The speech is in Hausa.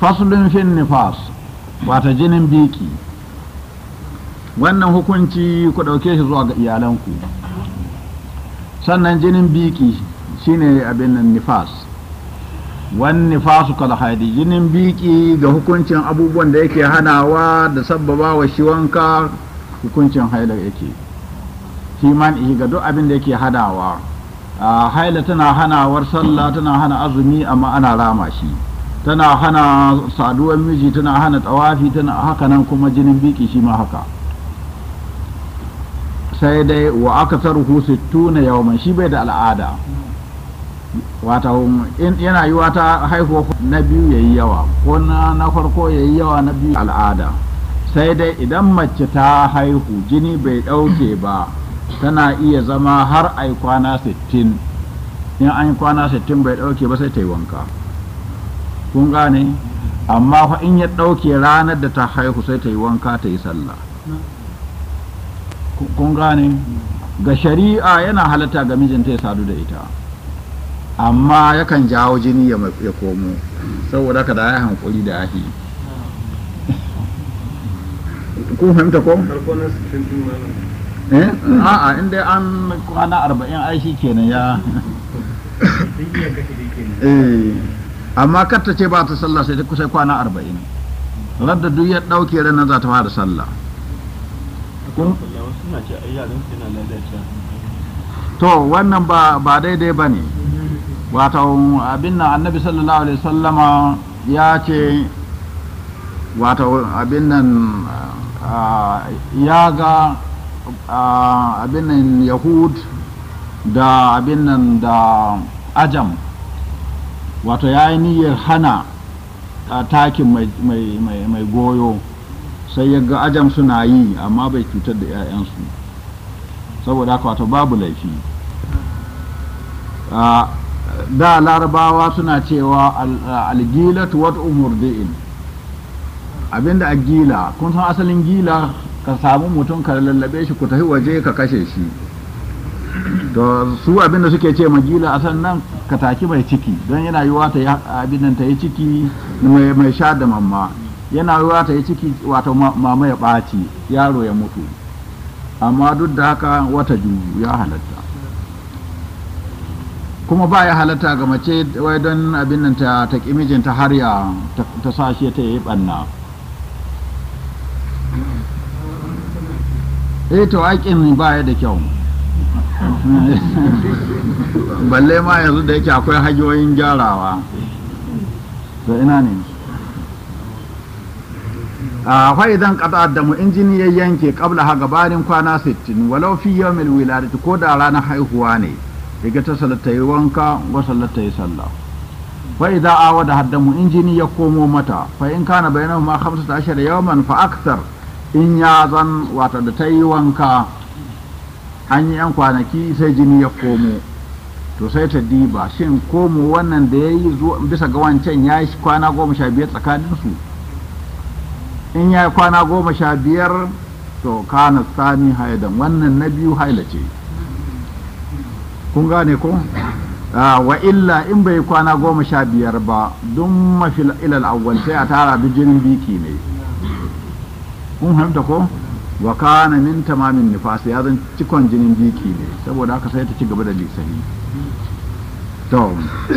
faslun fin nifas wata jinin biki wannan hukunci ku ɗauke shi zuwa ga iyalanku sannan jinin biki shine abin nan nifas wani nifasu kalhadi jinin biki ga hukuncin abubuwan da yake hanawa da sabbaba wa shi wanka hukuncin hailar yake shi man ga duk abin da yake hadawa ah, haila tana hanawar sallah tana hana azumi amma ana rama shi tana hana saduwar miji tana hana tsawafi tana haka nan kuma jinin biki shi ma haka sai dai wa aka sarrufu sittuna yawon shi bai da al'ada wata yana yi wata haihuwa na biyu ya yi yawa ko na farko ya yi yawa na biyu al'ada sai dai idan mace ta haihu jini bai ɗauke ba tana iya zama har ai kwana sittin in an kwana sittin bai ɗauke ba sai ta yi wanka kun gane amma fa in ya ɗauke ranar da ta haihu sai ta yi wanka ta yi sallah kun gane ga shari'a yana halatta ga mijinta ya sadu da ita amma yakan jawo jini ya komo saboda ka da ya hankuli da ahi kun fahimta ko? eh inda an kwana 40 aishi kenan ya eh amma kar ce ba ta sallah sai kusa kwana arba'in radda duk ya ɗauke ranar za ta fara sallah to wannan ba ba daidai ba ne wata abin nan annabi sallallahu alaihi sallama ya ce wata abin nan ya ga abin nan yahud da abin nan da ajam wato ya yi niyyar hana takin mai goyo sai ya ga ajam suna yi amma bai cutar da 'ya'yansu saboda haka wato babu laifi da larabawa suna cewa algilatu wat in, abinda a gila kun san asalin gila ka samu mutum ka lallabe shi ku tafi waje ka kashe shi to su abinda suke ce ma gila sannan nan ka taki mai ciki don yana yi wata abin nan ta yi ciki mai sha da mamma yana yi wata yi ciki wata mama ya ɓaci yaro ya mutu amma duk da haka wata juyu ya halatta kuma ba ya halatta ga mace wai don abin nan ta taƙi mijinta har ya ta sashe ta yi ɓanna eh to aikin ba ya da kyau balle ma yanzu da yake akwai hajjoyin gyarawa da ina ne a fa'idan qata da mu injini ya yanke kabla ha gabanin kwana 60 walau fi yawmil wiladati ko da ranar haihuwa ne daga ta salata yi wanka wa salata yi sallah fa'iza awa da haddamu injini ya komo mata fa in kana ma 15 yawman fa in ya zan wata da ta yi wanka an yi yan kwanaki sai jini ya komo to sai ta diba shin komo wannan da ya yi bisa ga wancan ya yi kwana goma sha biyar tsakaninsu in ya yi kwana goma sha biyar to kana sami haidan wannan na biyu haila ce kun gane ko ah, wa illa in bai kwana goma sha biyar ba don mafi ilal awwal sai a tara bi jinin biki ne kun fahimta ko wa kana min tamamin nifas ya zan cikon jinin jiki ne saboda haka sai ta ci gaba da lisani to